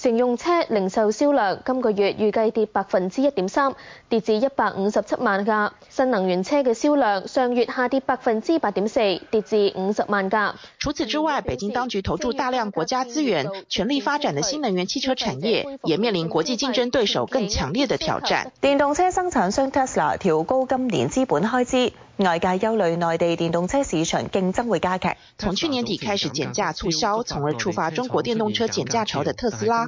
乘用車零售銷量今個月預計跌百分之一點三，跌至一百五十七萬架。新能源車嘅銷量上月下跌百分之八點四，跌至五十萬架。除此之外，北京當局投注大量國家資源，全力發展的新能源汽車產業，也面臨國際競爭對手更強烈嘅挑戰。電動車生產商 Tesla 調高今年資本開支，外界憂慮內地電動車市場競爭會加劇。從去年底開始減價促銷，從而觸發中國電動車減價潮的特斯拉。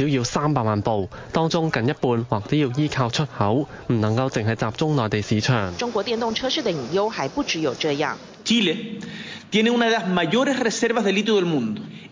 少要三百萬部，當中近一半或者要依靠出口，唔能夠淨係集中內地市場。中國電動車市的隱憂還不只有這樣。